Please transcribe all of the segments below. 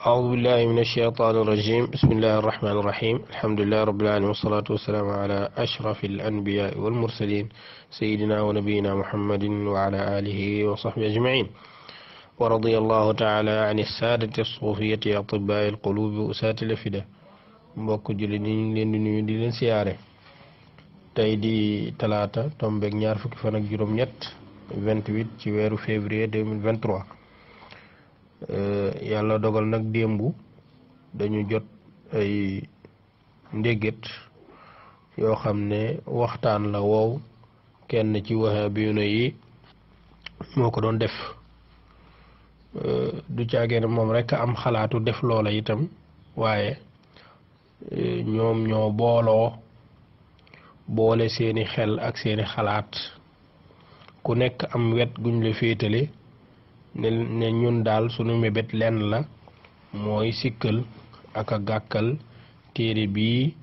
أعوذ بالله من الشيطان الرجيم بسم الله الرحمن الرحيم الحمد لله رب العالمين والصلاة والسلام على أشرف الأنبياء والمرسلين سيدنا ونبينا محمد وعلى آله وصحبه أجمعين ورضي الله تعالى عن السادة الصوفية أطباء القلوب وأسات الأفئدة وكجل jullit ñi ngi سيارة تايدي nuyu di leen siyaare tey di talaata 28 جوير فبراير 2023 Eh, yàlla dogal nag démbu dañu jot ay ndégét yoo xam ne waxtaan la woow kenn ci wahabiyuuna yi moo ko doon def eh, du caageen moom rek am xalaatu def loola itam waaye eh, ñoom ñoo booloo boole seeni xel ak seeni xalaat ku nekk am wet guñ la féetale ne ñun daal sunu mébét lenn la mooy sikkal ak a gàkkal téere bii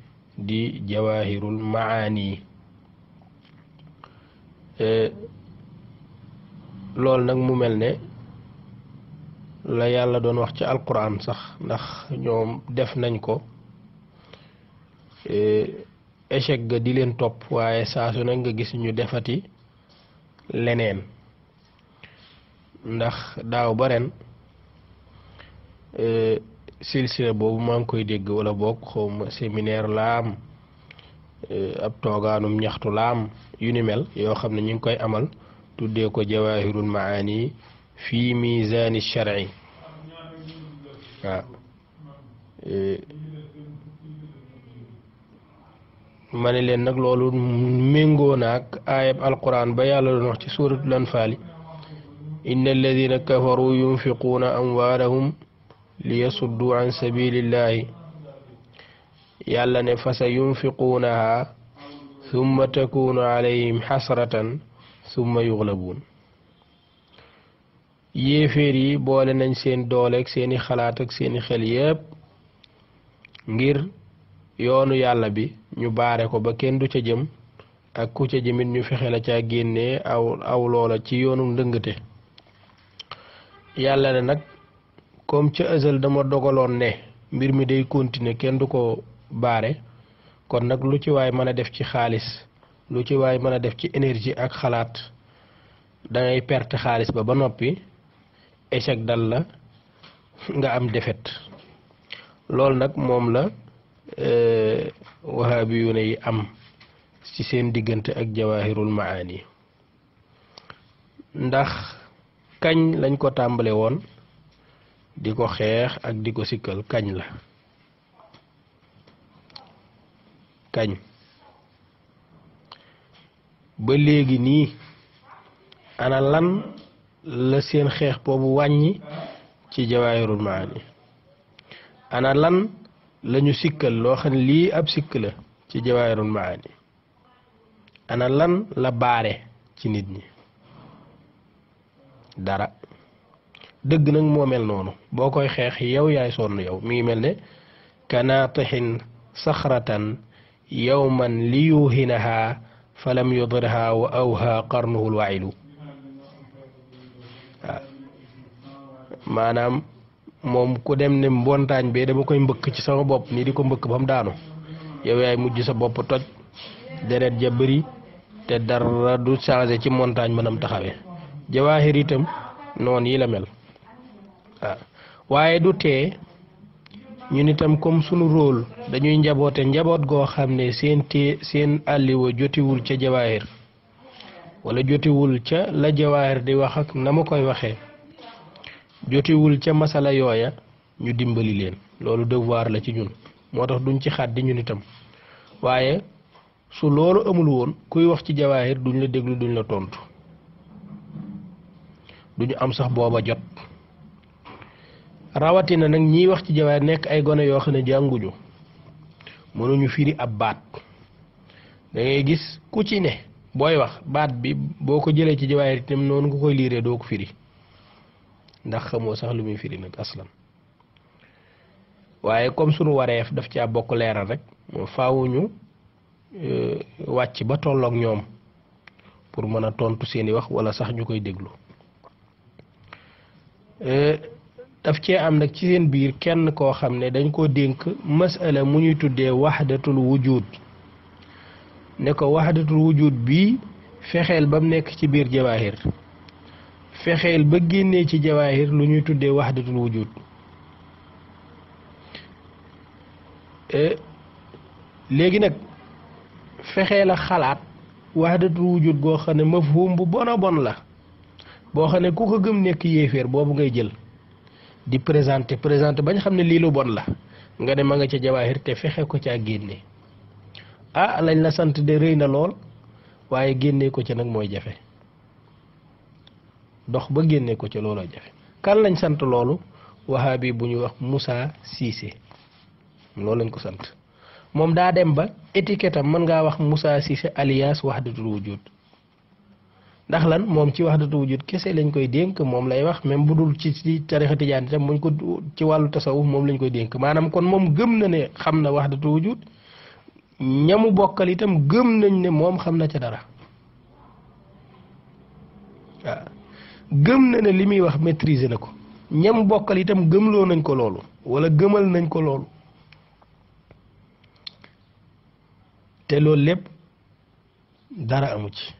di jawaahirul maani e, loolu nag mu mel ne la yàlla doon wax ci alquran sax ndax ñoom def nañ ko e, échec ga di leen topp waaye saa su ne nga gis ñu defati leneen ndax daaw ba ren euh, silsila boobu maa ngi koy dégg wala boog xaw ma séminaire laam euh, ab toogaanum ñaxtu laam yu ni mel yoo xam ne ñu ngi koy amal tuddee ko jawahirul maani fii misaani shar'i waaw euh, ma ne leen nag loolu méngoo naag aayab alquran ba yàlla doon wax ci suuratul anfaali inna alladina kafaru yunfiquuna amwaalahum liyasuddu an sabilillahi yàlla ne fa sa yunfiquunaha summa takunu alayhim xasratan summa yuxlabuun yéeféer yi boole nañ seen doole ak seeni xalaat ak seeni xel yépp ngir yoonu yàlla bi ñu baare ko ba kenn du ca jëm ak ku ca jëmit ñu fexe la caa génnee aw aw loola ci yoonu ndëngate yàlla na nag comme ca ësal dama dogaloon ne mbir mi day continuer kenn du ko baare kon nag lu ci waay mën a def ci xaalis lu ci waay mën a def ci énergie ak xalaat dangay perte xaalis ba ba noppi échec dal la nga am defet loolu nag moom la euh, wahaabi yu ne yi am ci seen diggante ak jawaahirul maani ndax kañ lañ ko tàmbale woon di ko xeex ak di ko sikkal kañ la kañ ba léegi nii ana lan la seen xeex boobu wàññi ci jawaahirul maani ana lan lañu sikkal loo xam lii ab sikk la ci jawaahirul maani ana lan la baare ci nit ñi dara dëgg nag moo mel noonu boo koy xeex yow yaay sonn yow mi ngi mel ne kanaatixin saxratan yowman li yuhinaha falam yudirha wa awha qarnuhu waay lu maanaam moom ku dem ne mboontaañ bee dama koy mbëkk ci sama bopp nii di ko mbëkk ba mu daanu yow yaay mujj sa bopp toj deret ja bëri te dara du changé ci montagne mënam taxawe jawaahir itam noonu yi ah. waaye du tee ñun itam comme sunu rôle dañuy njaboote njaboot goo xam ne seen tée seen àlliwa jotiwul ca jawaahir wala jotiwul ca la jawaahir di wax ak na ma koy waxee jotiwul ca masala yooya ñu dimbali leen loolu devoir la ci ñun moo tax duñ ci xàddi ñun itam waaye su loolu amul woon kuy wax ci jawaahir duñ la déglu duñ la tontu duñu am sax booba jot na nak ñi wax ci jawaay nek ay gone yo xam janguju mënu ñu firi ab baat da ngay gis ku ci ne boy wax baat bi boko jëlé ci jawaay tim non nga koy liré do ko firi ndax xamoo sax lu muy firi nak aslan waye comme suñu waréef daf caa bokk léra rek ñu euh wacc ba tollok ñom pour mëna tontu seeni wax wala sax ñu koy déglu Euh, daf cee am nag ci seen biir kenn koo xam ne dañ koo dénk masala mu ñuy tuddee waxdatul wujud ne ko waxdatul wujud bii fexeel ba mu nekk ci biir jawaahir fexeel ba génnee ci jawaahir lu ñuy tuddee waxdatul wujud euh, léegi nag fexeel a xalaat waxdatul wujud goo xam ne mafhum bu bon a bon la boo xam ne ku ko gëm nekk yéeféer boobu ngay jël di présenté présenté bañ xam ne lii lu bon la nga dem a nga ca jawaahir te fexe ko caa génne ah lañ la sant de rëy na lool waaye génne ko ca nag mooy jafe dox ba génnee ko ca looloo jafe kan lañ sant loolu wahaabi bu ñu wax Moussa Cissé loolu lañ ko sant moom daa dem ba étiquette am mën ngaa wax Moussa wax alias Wahdatul Wujud ndax lan moom ci wax datu wujud kese lañ koy dénk moom lay wax même bu dul ci ci tarixa tijaan tam muñ ko ci wàllu tasawuf moom lañ koy dénk maanaam kon moom gëm na ne xam na wax datu wujud ñamu bokkal itam gëm nañ ne moom xam na ca dara gëm na ne li muy wax maîtriser na ko ñamu bokkal itam gëmloo nañ ko loolu wala gëmal nañ ko loolu te loolu lépp dara amu ci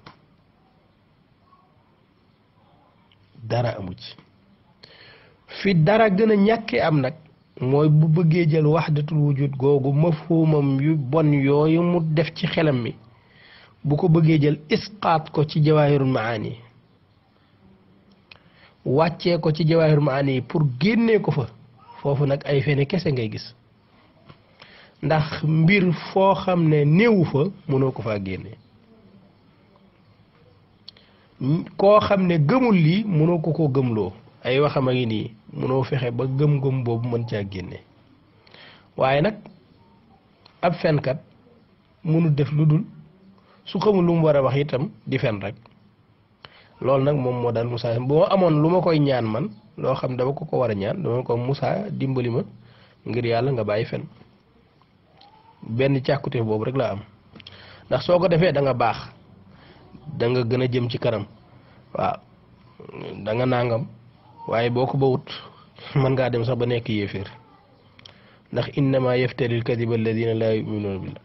dara amu ci fi dara gën a ñàkkee am nag mooy bu bëggee jël waxdatul wujud googu mafhumam yu bon yooyu mu def ci xelam mi bu ko bëggee jël isqaat ko ci jawaahirul maani yi wàccee ko ci jawaahirul maani yi pour génnee ko fa foofu nag ay fene kese ngay gis ndax mbir foo xam ne néewu fa mënoo ko faa génnee koo xam ne gëmul lii mënoo ko koo gëmloo ay waxam a ngi nii mënoo fexe ba gëm-gëm boobu mën caa génne waaye nag ab fenkat mënul def lu dul su xamul lu mu war a wax itam di fen rek loolu nag moom moo daal musaa boo amoon lu ma koy ñaan man loo xam dama ko ko war a ñaan dama ko musaa dimbali ma ngir yàlla nga bàyyi fen benn càkkute boobu rek laa am ndax soo ko defee da baax danga gën a jëm ci kanam waaw da nga waaye boo ko bawut mën ngaa dem sax ba nekk yéeféer ndax innama yaftari alkadiba alladina laa yuminuuna billah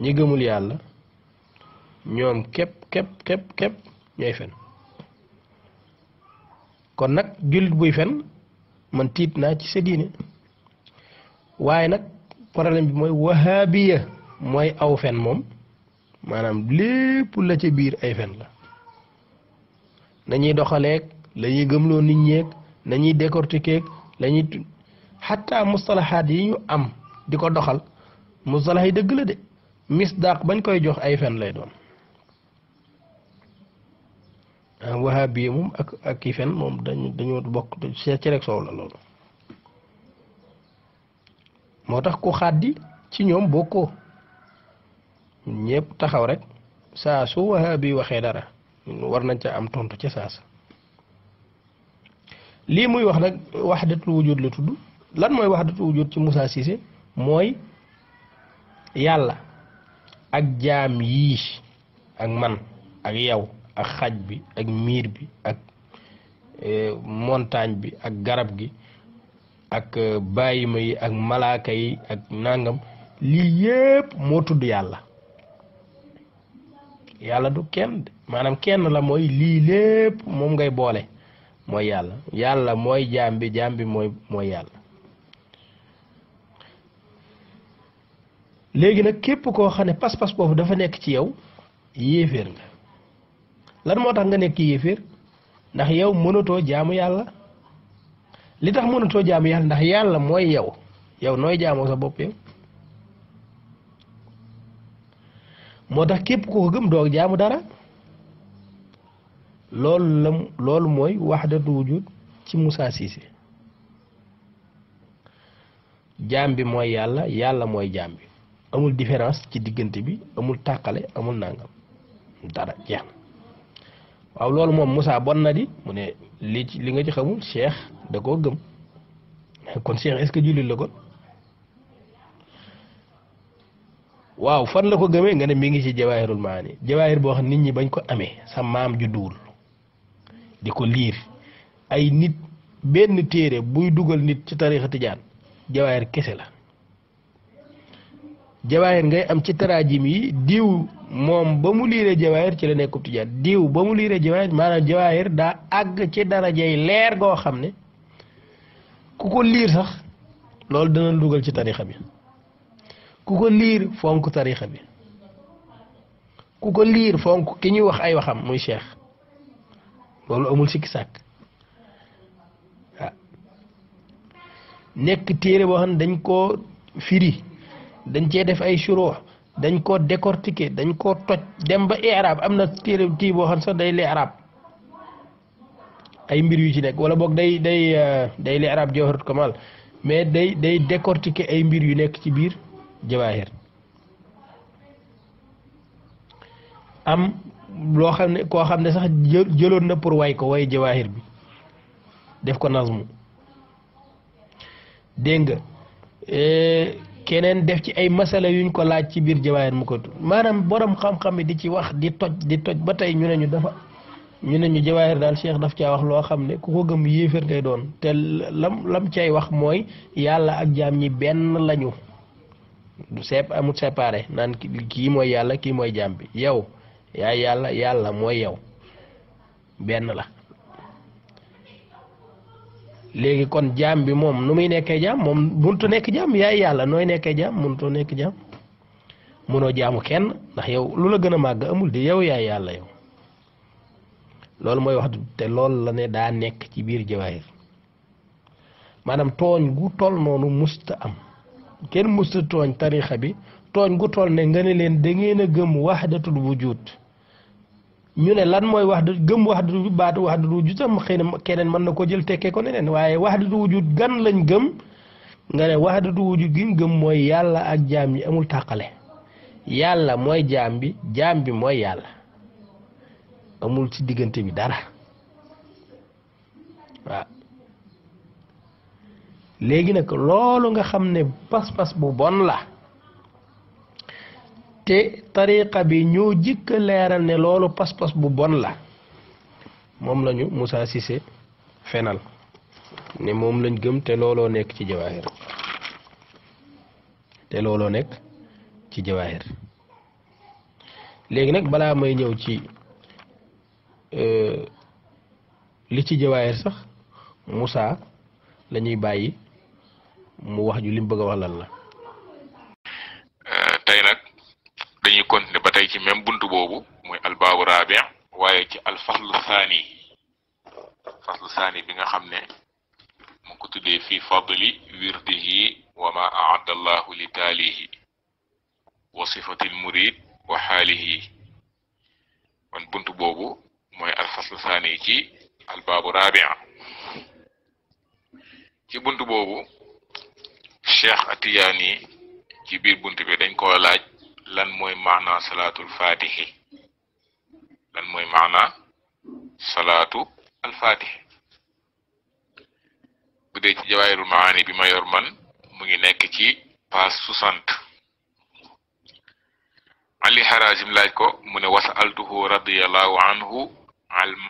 ñi gëmul yàlla ñoom képp képp képp ñooy fen kon nag jullit buy fen man tiit naa ci sa waaye nag problème bi mooy wahaabiya mooy aw fen moom maanaam lépp la ci biir ay fen la nañuy doxaleek lañuy ñuy gëmloo nit ñeeg nañuy décortiquer la xatta mustalahaat yi ñu am di ko doxal mustalaha yi dëgg la de misdaaq bañ koy jox ay fen lay doon ah wahabi moom ak ak kii fen moom dañu dañoo bokk ci rek soow la loolu moo tax ku xaddi ci ñoom bokkoo ñëpp taxaw rek saa su wahaabi waxee dara war nañ ca am tontu ca saasa lii muy wax nag waxdatul wujud la tudd lan mooy waxdatul wujud ci Moussa Cissé mooy yàlla ak jaam yii ak man ak yow ak xaj bi ak miir bi ak e, montagne bi ak garab gi ak e, bàyyima yi ak malaaka yi ak nangam lii yépp moo tudd yàlla yàlla du kenn maanaam kenn la mooy lii lépp moom ngay boole mooy yàlla yàlla mooy jaam bi jaam bi mooy mooy yàlla léegi nag képp koo xam ne pas-pas boobu dafa nekk ci yow yéeféer nga lan moo tax nga nekk yéeféer ndax yow mënatoo jaamu yàlla li tax mënatoo jaamu yàlla ndax yàlla mooy yow yow nooy jaamoo sa bopp yow moo tax képp ku ko gëm doo jaamu dara loolu la loolu mooy waxdatu wujud ci Moussa Cissé jaam bi mooy yàlla yàlla mooy jaam bi amul différence ci diggante bi amul tàqale amul nàngam dara jeex na waaw loolu moom Moussa bon na di mu ne li ci li nga ci xamul Cheikh da koo gëm kon Cheikh est-ce que jullit la kon waaw fan la ko gëmee nga ne mi ngi ci jawaahirul maani jawaahir boo xam nit ñi bañ koo amee sa maam ju duul di ko liir ay nit benn téere buy dugal nit ci tariixa tijaan jawaahir kese la jawaahir ngay am ci taraajim yi diw moom ba mu liiree jawaahir ci la nekkub tijaan diw ba mu liiree jawaahir maanaam jawaahir daa àgg ci darajay leer goo xam ne ku ko liir sax loolu dana dugal ci tariixa bi ku ko liir fonk bi ku ko fonk ki ñuy wax ay waxam muy cheikh loolu amul sikki sàkk ah. nekk téere boo xam ne dañ koo firi dañ cee def ay suroox dañ koo décortiqué dañ koo toj dem ba i'rab am na téere tii boo xam sax day li'rab ay mbir yu ci nekk wala boog day day euh, day li'rab Jawharatul Kamal mais day day décortiquer ay mbir yu nekk ci biir jawaahir am loo xam ne koo xam ne sax jëloon na pour way ko way jawaahir bi def ko nazmu dégg nga eh, keneen def ci ay masala yuñ ko laaj ci biir jawaahir mu ko maanaam borom xam-xam yi di ci wax di toj di toj ba tey ñu ne ñu dafa ñu ne ñu jawaahir daal Cheikh daf caa wax loo xam ne ku ko gëm yéefér ngay doon te lam lam cay wax mooy yàlla ak jaam ñi benn lañu du seep amut séparé naan kii mooy yàlla kii mooy jaam bi yow yaay yàlla yàlla mooy yow benn la léegi kon jaam bi moom nu muy nekkee jaam moom mënut a nekk jaam yaay yàlla nooy nekkee jaam mënutoo nekk jaam mënoo jaamu kenn ndax yow lu la gën a màgg amul di yow yaay yàlla yow loolu mooy wax te lool la ne daa nekk ci biir jawaahir maanaam tooñ gu toll noonu musta am kenn musta tooñ tarixa bi tooñ gu toll ne nga ne leen da ngeen a gëm waxdatul wujud ñu ne lan mooy waxda gëm waxdatul baatu waxdatul wujud am xëy na keneen mën na ko jël tekkee ko neneen waaye waxdatul wujud gan lañ gëm nga ne waxdatul wujud gi gëm mooy yàlla ak jaam yi amul tàqale yàlla mooy jaam bi jaam bi mooy yàlla amul ci diggante bi dara léegi nag loolu nga xam ne pas-pas bu bon la te tariqa bi ñoo jëkk a leeral ne loolu pas-pas bu bon la moom lañu Moussa Cissé fenal ne moom lañ gëm te looloo nekk ci jawaahir te looloo nekk ci jawaahir léegi nag balaa may ñëw ci euh, li ci jawaahir sax Moussa la ñuy bàyyi mu wax ju lim bëgg a wax lan la. tey nag dañuy continuer ba tey ci même buntu boobu muy albaabu raabi waaye ci alfaslu saani faslu saani bi nga xam mu ko tuddee fii fadli wirdihi wa ma aadda allahu li taalihi wa sifati lmurid wa xaalihi kon buntu boobu mooy alfaslu saani ci albaabu raabi ci buntu boobu الشيخ أتياني كبير بنت بيدن كولاج لن موي معنى صلاة الفاتحة لن موي معنى صلاة الفاتحة بديت جواير المعاني بما يرمن مغي نكتي باس سوسانت علي حراجم لاجكو من وسألته رضي الله عنه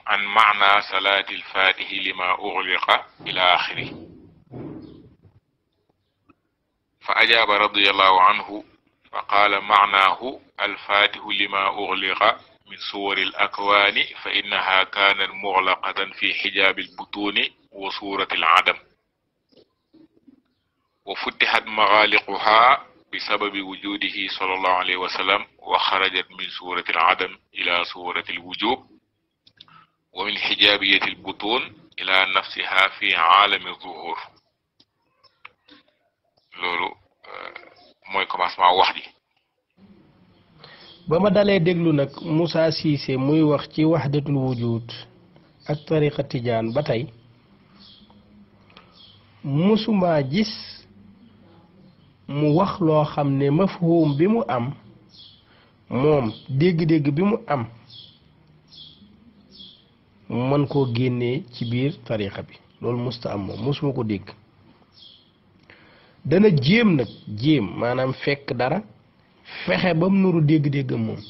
عن معنى صلاة الفاتحة لما أغلق إلى آخره فأجاب رضي الله عنه فقال معناه الفاتح لما أغلق من صور الأكوان فإنها كانت مغلقة في حجاب البطون وصورة العدم وفتحت مغالقها بسبب وجوده صلى الله عليه وسلم وخرجت من صورة العدم إلى صورة الوجوب ومن حجابية البطون إلى نفسها في عالم الظهور loolu euh, mooy commencement wax ji ba ma dalee déglu nag Moussa Cissé muy wax ci wax waxdatul wujud ak tariqa tijaan ba tey mësumaa gis mu wax loo xam ne mafhum bi mu am moom dégg-dégg bi mu am mën koo génnee ci biir tariqa bi loolu musta am moom mësuma ko dégg dana jéem nag jéem maanaam fekk dara fexe ba mu nuru dégg-déggam moom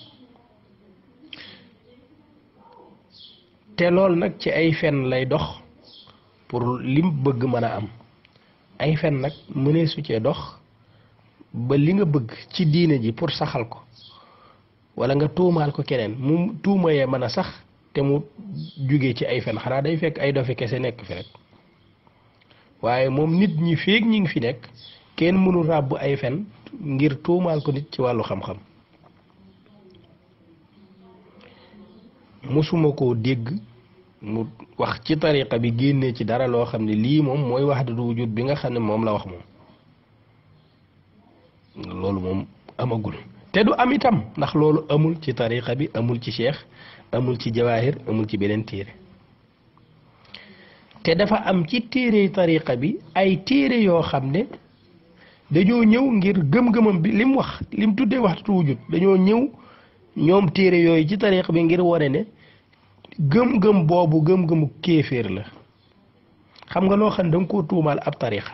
te loolu nag ci ay fen lay dox pour lim bëgg mën a am ay fenn nag mënee su dox ba li nga bëgg ci diine ji pour saxal ko wala nga tuumaal ko keneen mu tuumayee mën a sax te mu jugee ci ay fen xanaa day fekk ay dofi kese nekk fi rek waaye moom nit ñi feeg ñi ngi fi nekk kenn mënu ràbb ay fen ngir tuumaal ko nit ci wàllu xam-xam mosuma koo dégg mu wax ci tariqa bi génne ci dara loo xam ne lii moom mooy wax wahdatul wujud bi nga xam ne moom la wax moom loolu moom amagul te du am itam ndax loolu amul ci tariqa bi amul ci cheikh amul ci jawaahir amul ci beneen téere te dafa am ci téere tariqa bi ay téere yoo xam ne dañoo ñëw ngir gëm-gëmam bi li wax li tuddee waxtu wujud dañoo ñëw ñoom téere yooyu ci tariqa bi ngir ware ne gëm-gëm boobu gëm-gëmu kéeféer la xam nga loo xam ne da nga koo ab tariqa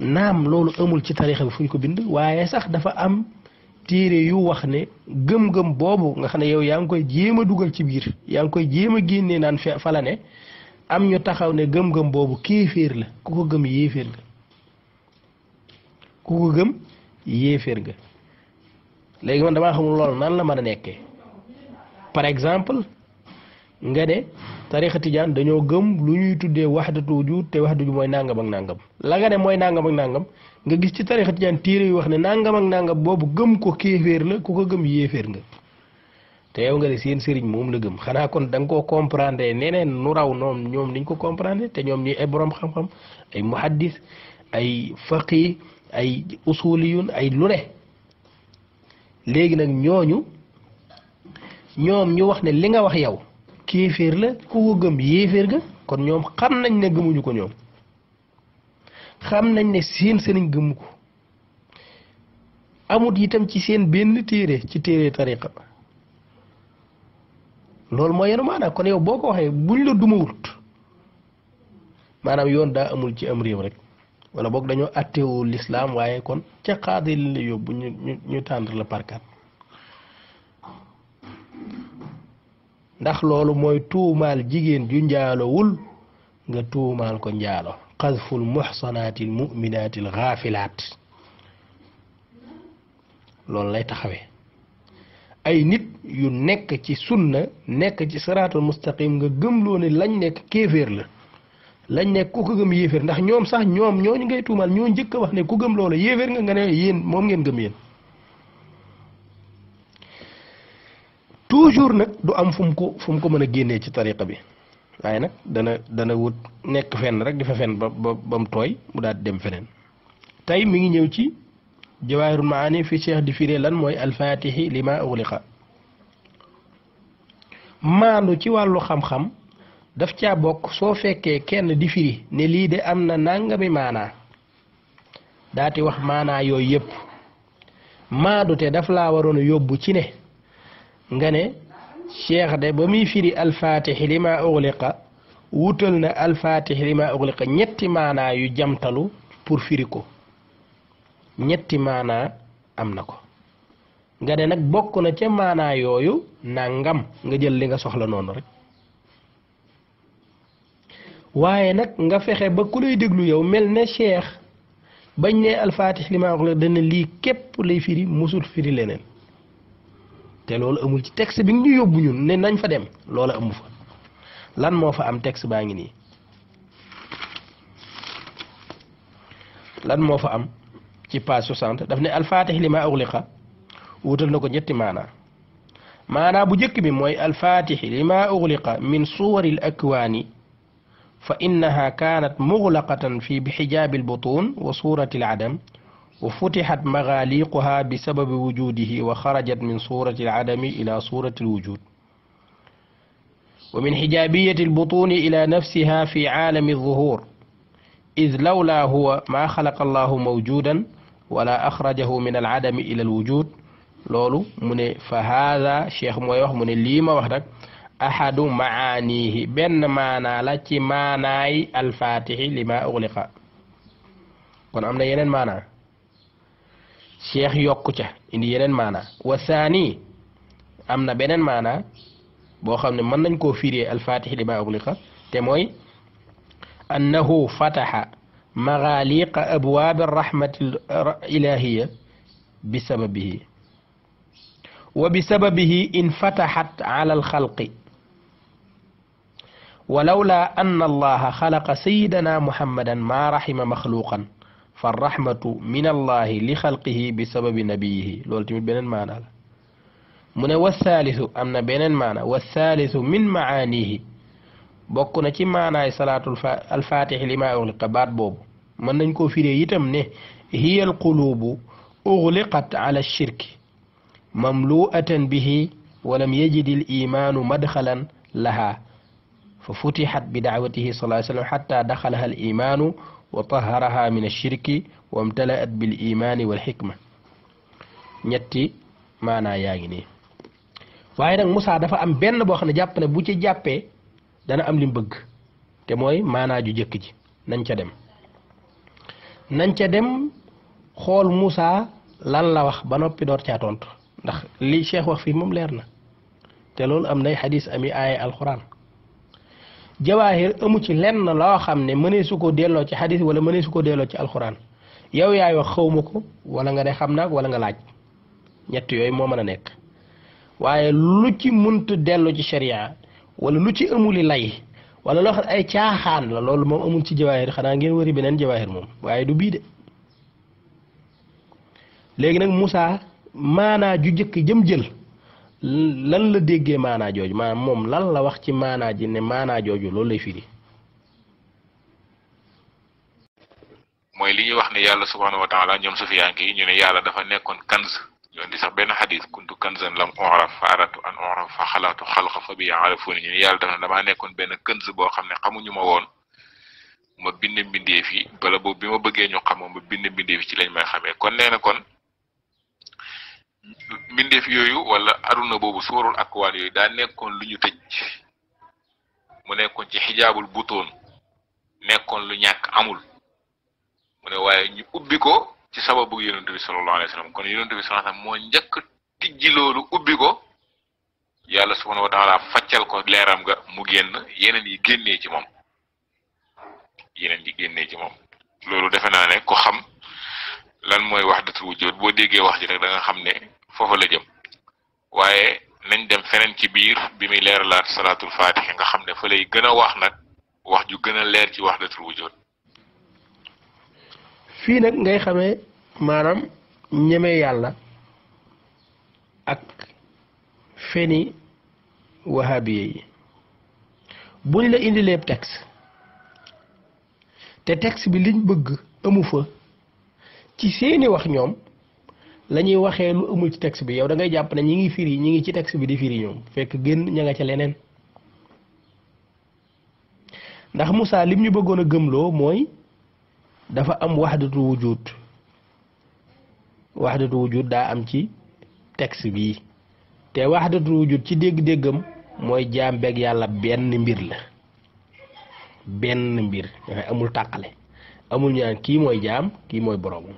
naam loolu amul ci tariqa bi fu ko bind waaye sax dafa am téere yu wax ne gëm-gëm boobu nga xam ne yow yaa ngi koy jéem a dugal ci biir yaa ngi koy jéem a génnee naan fa la ne am ñu taxaw ne gëm-gëm boobu kéeféer la ku ko gëm yéeféer nga ku ko gëm yéeféer nga léegi man damaa xamul lool nan la man a nekkee par exemple nga ne tarixa tijaan dañoo gëm lu ñuy tuddee waxdatu wujud te waxdatu wujud mooy nàngam ak nàngam la nga ne mooy nàngam ak nàngam nga gis ci tarixa tijaan téere yu wax ne nàngam ak nàngam boobu gëm ko kéeféer la ku ko gëm yéeféer nga te yow nga ne seen sëriñ moom la gëm xanaa kon danga koo comprendre neneen nu raw noonu ñoom niñ ko comprendre te ñoom ñuy ay borom xam-xam ay muhaddis ay faqi ay usuliyun ay lu léegi nag ñooñu ñoom ñu wax ne li nga wax yow kéeféer la ku ko gëm yéeféer ga kon ñoom xam nañ ne gëmuñu ko ñoom xam nañ ne seen sëriñ gëmu ko amut itam ci seen benn téere ci téere tariqa loolu mooy yenu maanaam kon yow boo ko waxee buñ la dumawut maanaam yoon daa amul ci am réew rek wala boog dañoo àtteewoo lislaam waaye kon ca xaadi li la yóbbu ñu ñu ñu tànd parkat ndax loolu mooy tuumaal jigéen ju njaalowul nga tuumaal ko njaalo xadful muxsanaati al muminaati al xaafilaat loolu lay taxawe ay nit yu nekk ci sunna nekk ci saraatul mustaqim nga gëm loo ne lañ nekk kéeféer la lañ nekk ku ko gëm yéeféer ndax ñoom sax ñoom ñooñu ngay tuumal ñoo njëkk wax ne ku gëm loola yéeféer nga nga ne yéen moom ngeen gëm yéen toujours nag du am fum ko fum ko mën a génnee ci tariqa bi waaye nag dana dana wut nekk fenn rek di fa fenn ba ba ba mu tooy mu daal di dem feneen tey mi ngi ñëw ci jawaahirul maani fi cheikh di firee lan mooy alfaatixi lima uxliqa maandu ci wàllu xam-xam daf caa bokk soo fekkee kenn di firi ne lii de am na nangami maanaa daati wax maanaa yooyu yëpp maandu te daf laa waroon a yóbbu ci ne nga ne cheikh de ba muy firi alfaatixi lima uxliqa wutal na alfaatixi lima uxliqa ñetti maana yu jamtalu pour firi ko ñetti maanaa am na ko nga ne nag bokk na ca maanaa yooyu nangam nga jël li nga soxla noonu rek waaye nag nga fexe ba ku lay déglu yow mel ne cheikh bañ ne alfatix li la dana lii képp lay firi musul firi leneen te loolu amul ci texte bi nga ñu yóbbu ñun ne nañ fa dem loolu amu fa lan moo fa am texte baa ngi nii lan moo fa am ci page 60 daf ne al fatih lima ughliqa wutal nako ñetti mana mana bu jekk bi moy al fatih lima ughliqa min suwar al akwan fa innaha kanat mughlaqatan fi bihijab al butun wa surati aladam wa futixat magaaliquha bisababi wujudihi wa xarajat min surati aladami ila surati alwujud ومن حجابية البطون إلى نفسها في عالم الظهور إذ لولا هو ما خلق الله موجودا ولا أخرجه من العدم إلى الوجود لولو من فهذا شيخ مويوه من الليمة وحدك أحد معانيه بن مانا لكي ماناي الفاتح لما أغلق كون أمنا ينن مانا شيخ يوكوشة إن ينن مانا والثاني أمنا بنن مانا بوخم من ننكو الفاتح لما أغلق تموي أنه فتح مغاليق أبواب الرحمة الإلهية بسببه وبسببه انفتحت على الخلق ولولا أن الله خلق سيدنا محمدا ما رحم مخلوقا فالرحمة من الله لخلقه بسبب نبيه لول تمت بنن معنى من والثالث أمن بنن معنى والثالث من معانيه بكنا كي معنى صلاة الفاتح لما أغلق بعد بوبو mën nañ ko fire itam ne hiya alqulubu ughliqat ala shirki mamlu'atan bihi walam yajid al imanu madxalan laha fa bi daawatihi sallallahu alayhi wa sallam xatta daxalaha al wa taharaha min ashirki wa amtala'at bil imani wal xikma ñetti maanaa yaa ngi waaye nag Moussa dafa am benn boo xam ne jàpp bu ci jàppee dana am lim bëgg te mooy maanaa ju jëkk ji nañ ca dem nañ ca dem xool Moussa lan la wax ba noppi door caa tontu ndax li Cheikh wax fii moom leer na te loolu am nay xadis ami aaya alxuraan jawaahir amu ci lenn loo xam ne mënee su ko delloo ci xadis wala mënee su ko delloo ci alxuraan yow yaay wax xawma ko wala nga ne xam naa ko wala nga laaj ñett yooyu moo mën a nekk waaye lu ci mënta dellu ci sharia wala lu ci amul i lay wala loo ay caaxaan la loolu moom amul ci jawaahir xanaa ngeen wari beneen jawaahir moom waaye du bii de léegi nag musaa maanaa ju jëkk jëm jël lan la déggee maanaa jooju maanaam moom lan la wax ci maanaa ji ne maanaa jooju loolu lay fii firi mooy li ñuy wax ne yàlla subhanahu wa taala ñoom sufiyanke yi ñu ne yàlla dafa nekkoon kanz di sax benn xadis kuntu kanzan lam uraf fa aratu an uraf fa xalaatu xalqa fa bi arafuni ñu yàlla def na damaa nekkoon benn kënz boo xam ne xamuñu ma woon ma bind mbindee fi bala boobu bi ma bëggee ñu xamoo ma bind mbindee fi ci lañ may xamee kon nee na kon mbindeef yooyu wala aduna boobu suurul akwaan yooyu daa nekkoon lu ñu tëj mu nekkoon ci xijaabul butoon nekkoon lu ñàkk amul mu ne waaye ñu ubbi ko ci sababu yonent bi sallallahu alayhi wa sallam kon yonent bi sallallahu alayhi njëkk tijji loolu ubbi ko yàlla subhanahu wa taala faccal ko leeram nga mu génn yeneen yi génnee ci moom yeneen yi génnee ci moom loolu defe naa ne ko xam lan mooy wahdatul wujud boo déggee wax ji rek da xam ne foofa la jëm waaye nañ dem feneen ci biir bi muy laat salaatul faatihi nga xam ne fa lay gën a wax nag wax ju gën a leer ci wax wahdatul wujud fii nag ngay xame maanaam ñeme yàlla ak feni wahabiye yi buñ la indilee texte te texte bi liñ bëgg amu fa ci seeni wax ñoom la ñuy waxee lu amul ci texte bi yow da ngay jàpp ne ñi ngi firi ñi ngi ci texte bi di firi ñoom fekk génn ña nga ca leneen ndax musaa lim ñu bëggoon a gëmloo mooy dafa am waxdatu wujud waxdatu wujud daa am ci texte bii te waxdatu wujud ci dégg-déggam mooy jaam beeg yàlla benn mbir la benn mbir dafay amul tàqale amul ñaan kii mooy jaam kii mooy boroomam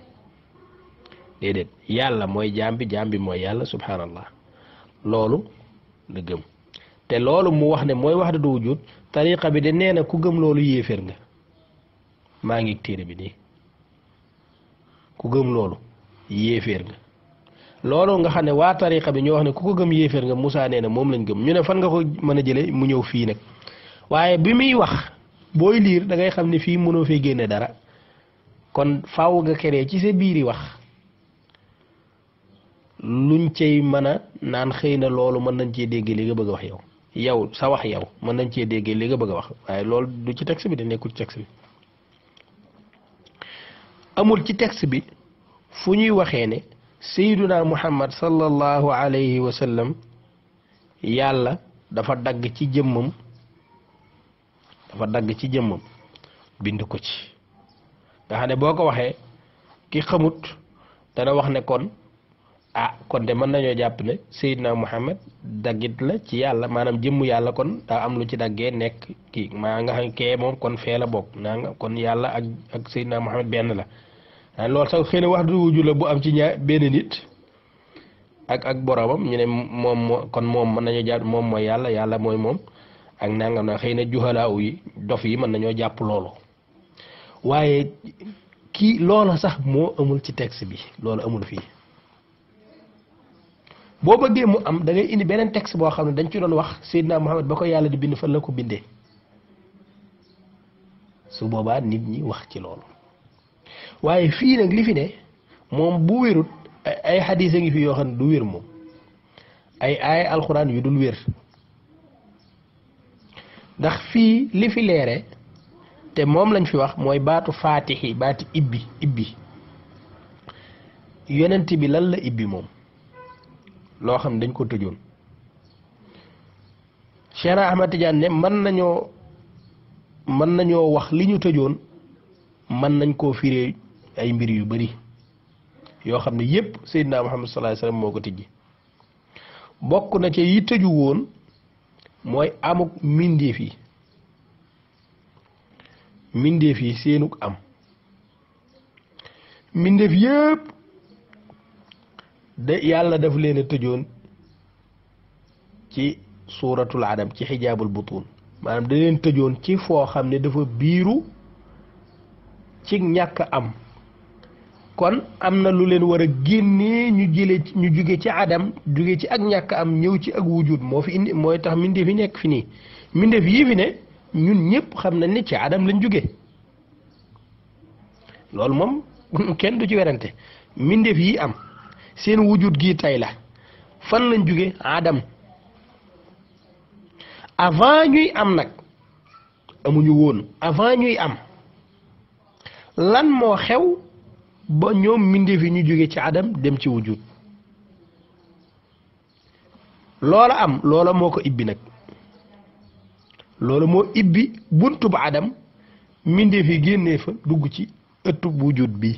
déedéet yàlla mooy jaam bi jaam bi mooy yàlla subhaanallah loolu la gëm te loolu mu wax ne mooy waxdatu wujud tariqa bi de nee na ku gëm loolu yéeféer nga maa ngi téere bi nii ku gëm loolu yéeféer nga loolu nga xam ne waa tariqa bi ñoo wax ne ku ko gëm yéeféer nga Moussa nee na moom lañ gëm ñu ne fan nga ko mën a jëlee mu ñëw fii nag waaye bi muy wax booy liir dangay xam ni fii mënoo fee génne dara kon faw nga keree ci biir biiri wax luñ cay mën a naan xëy na loolu mën nañ cee dégg li nga bëgg a wax yow yow sa wax yow mën nañ cee déggee li nga bëgg a wax waaye loolu du ci texte bi da nekkul ci texte bi amul ci texte bi fu ñuy waxee ne sayyiduna muhammad sallallahu alayhi wa yàlla dafa dagg ci jëmmam dafa dagg ci jëmmam bind ko ci nga xam ne boo ko waxee ki xamut dana wax ne kon ah kon de mën nañoo jàpp ne Seydina Muhammad daggit la ci yàlla maanaam jëmm yàlla kon daa am lu ci daggee nekk kii maa nga xam kee moom kon feela bokk naa nga kon yàlla ak ak Muhammad benn la waaye loolu sax xëy na wax du wujju la bu am ci ñaar benn nit ak ak boromam ñu ne moom kon moom mën nañoo jàpp moom mooy yàlla yàlla mooy moom ak nangam na xëy na juhalaaw yi dof yi mën nañoo jàpp loolu waaye kii loola sax moo amul ci texte bi loolu amul fii boo bëggee mu am da indi beneen texte boo xam ne dañ ci doon wax Seydina Muhammad ba ko yàlla di bind fan la ko bindee su boobaa nit ñi wax ci loolu waaye fii nag li fi ne moom bu wérut ay xadiis ngi fi yoo xam ne du wér moom ay ay alxuraan yu dul wér ndax fii li fi leere te moom lañ fi wax mooy baatu faatixi baati ibbi ibbi yonent bi lan la ibbi moom loo xam ne dañ ko tëjoon Cheikh Ahmad Tidiane ne mën nañoo mën nañoo wax li ñu tëjoon mën nañ koo fiire ay mbir yu bari yoo xam ne yépp Seydina Muhammad sallallahu alayhi wasallam moo ko tijji bokk na ci yi tëju woon mooy amuk mbindeef yi mbindeef yi seenuk am mbindeef yépp da yàlla daf leen a tëjoon ci suuratul adam ci xijaabul butuun maanaam daleen leen tëjoon ci foo xam ne dafa biiru ci ñàkk am kon am na lu leen war a génnee ñu jëlee ñu jóge ci adam juge ci ak ñàkk am ñëw ci ak wujud moo fi indi mooy tax mbindeef yi nekk fi nii mbindeef yii fi ne ñun ñëpp xam na nit ci adam lañ jóge loolu moom kenn du ci werante mbindeef yi am seen wujud gii tey la fan lañ jóge adam avant ñuy am nag amuñu woon avant ñuy am lan moo xew ba ñoom mbindeef yi ñu jóge ci adam dem ci wujud loola am loola moo ko ibbi nag loola moo ibbi buntub adam mbindeef yi génnee fa dugg ci ëttub wujud bi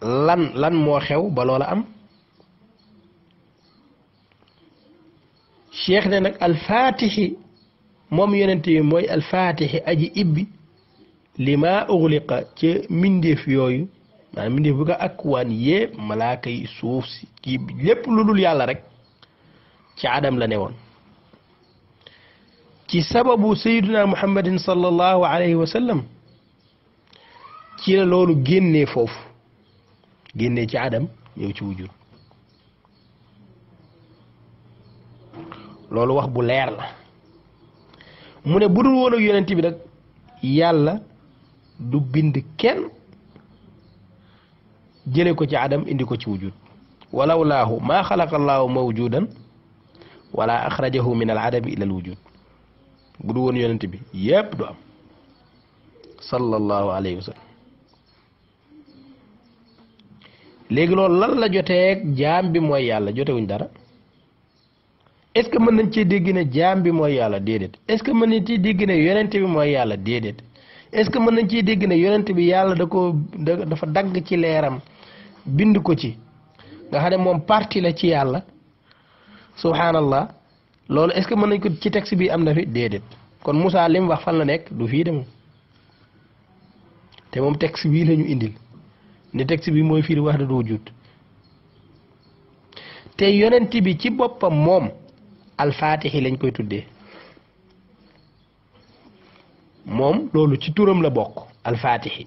lan lan moo xew ba loola am cheikh ne nag alfaatixi moom yonente yi mooy alfaatixi aji ibbi li ma uxliqa ca mbindeef yooyu maanaam mbindeef bu ko akkwaan yépp malaaka suuf si kii lépp lu dul yàlla rek ci adam la ne woon ci sababu sayyiduna muhammadin sallallahu alayhi wa ci la loolu génnee foofu génnee ci adam ñëw ci wujud loolu wax bu leer la mu ne budul woon ak yonent bi nag yàlla du bind kenn jële ko ci adam indi ko ci wujud walaw laahu maa xalaqa allaahu mawjudan wala axrajahu min al adami ila al wujud bu du woon yonent bi yépp du am sallallahu alayhi wa léegi loolu lan la joteeg jaam bi mooy yàlla jotewuñ dara est-ce mën nañ cee dégg ne jaam bi mooy yàlla déedéet est-ce que mën nañ cee dégg na yonent bi mooy yàlla déedéet est ce que mën nañ cee dégg na yonent bi yàlla da ko dafa dagg ci leeram bind ko ci nga xam ne moom parti la ci yàlla subhanallah loolu est ce que mën nañ ko ci texte bi am na fi déedéet kon Moussa li wax fan la nekk du fii de moom te moom texte bii lañu ñu indil ne texte bi mooy fii di wax da doo jut te yonent bi ci boppam moom alfaatixi lañ koy tuddee moom loolu ci turam la bokk alfaatixi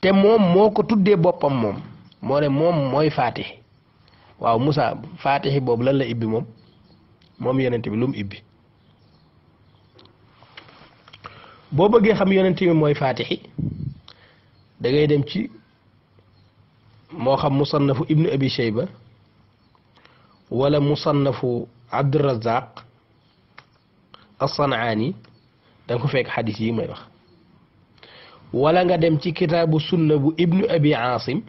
te moom moo ko tuddee boppam moom moo ne moom mooy faatixi waaw Moussa faatixi boobu lan la ibbi moom moom yonent bi lum ibbi boo bëggee xam yonent bi mooy faatixi da ngay dem ci moo xam musannafu ibnu abi sheyba wala musannafu abdurazaq assanaani da nga ko fekk xadis yi may wax wala nga dem ci kitaabu sunna bu ibnu abi aasim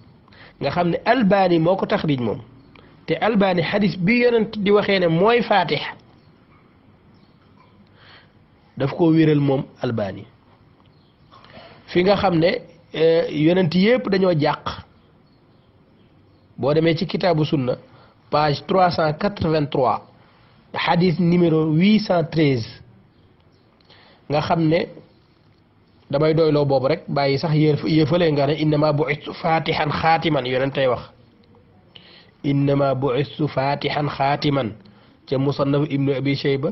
nga xam ne albani moo ko tax taxrij moom te albaani xadis bi yonent di waxee ne mooy faatix daf koo wéral moom albani fi nga xam ne e, yonent yépp dañoo jàq boo demee ci kitaabu sunna page trois cent numéro huit nga xam ne damay doyloo boobu rek bàyyi sax yëfalee nga ne innama bu'istu fatihan xaatiman yoneen tey wax innama bu'istu fatihan xaatiman ca musannaf ibnu abi shayba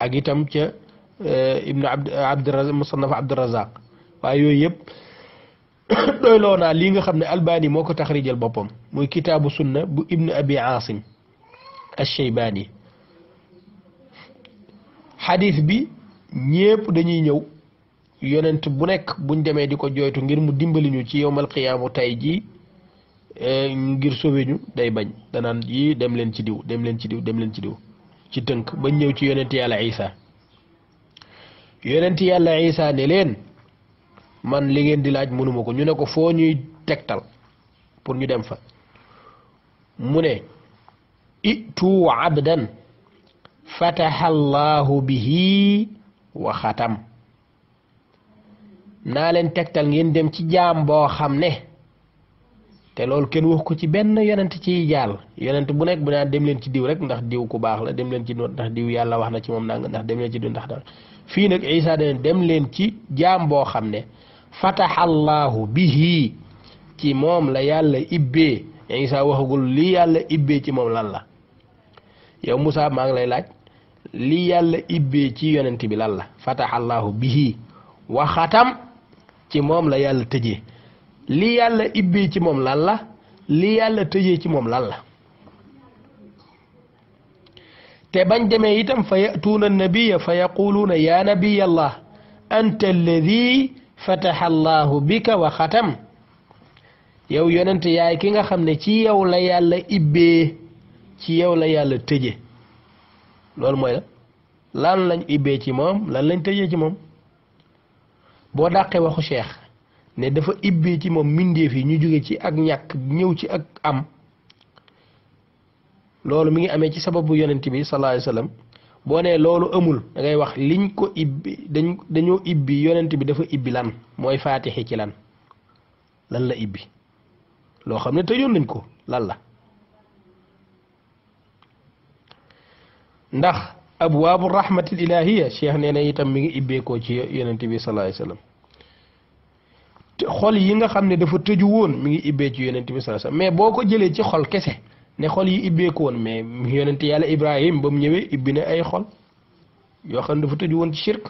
ak itam ca eh, ibnu abd abdurazaq musannaf abdurazaq waaye yooyu yëpp doyloo naa lii nga xam ne albani moo ko taxrijal boppam muy kitaabu sunna bu ibnu abi asim ash hadis bi ñépp dañuy ñëw yonent bu nekk buñ demee di ko joytu ngir mu dimbali ñu ci yowmal qiyaamu tay ji e, ngir sauvé ñu day bañ danaan yi dem leen ci diw dem leen ci diw dem leen ci diw ci tënk ba ñëw ci yonent yàlla isa yonent yàlla isa ne leen man li ngeen di laaj mënuma ko ñu ne ko foo ñuy tegtal pour ñu dem fa mu ne itu abdan fataha allahu bihi wa xatam naa leen tegtal ngeen dem ci jaam boo xam ne te loolu kenn wax ko ci benn yonent ciy jaal yonent bu nekk bu naan dem leen ci diw rek ndax diw ku baax la demleen ci noot ndax diw yàlla wax na ci moom nang ndax dem ci du ndax dara fii nag isa danen dem leen ci jaam boo xam ne fataha allahu bihi ci moom la yàlla ibbee isa waxagul lii yàlla ibbee ci moom lan la yow Moussa maa ngi lay laaj li yàlla ibbee ci yonent bi lan la fataha allahu bihi wa xatam ci moom la yàlla tëjee li yàlla ibbee ci moom lan la li yàlla tëjee ci moom lan la te bañ demee itam fa yatuuna annabiya fa yaquluuna ya nabiya allah anta alladi fataha allahu bika wa xatam yow yonent yaay ki nga xam ne ci yow la yàlla ibbee ci yow la yàlla tëje loolu mooy la lan lañ ibbee ci moom lan lañ tëjee ci moom boo dàqee waxu cheikh ne dafa ibbee ci moom mbindeef yi ñu jóge ci ak ñàkk ñëw ci ak am loolu mi ngi amee ci sababu yonent bi sallallahu alayhi boo nee loolu amul dangay wax liñ ko ibbi dañ dañoo ibbi yonent bi dafa ibbi lan mooy faatixi ci lan lan la ibbi loo xam ne tëjoon nañ ko lan la ndax abwaabu rahmatil ilahiya cheikh nee na itam mi ngi ibbeekoo ci yonent bi salaay sallam xol yi nga xam ne dafa tëju woon mi ngi ibbee ci yonent bi salaay sallam mais boo ko jëlee ci xol kese ne xol yi ibbeeku woon mais yonent yàlla ibrahim ba mu ñëwee ibbi na ay xol yoo xam ne dafa tëju woon ci shirk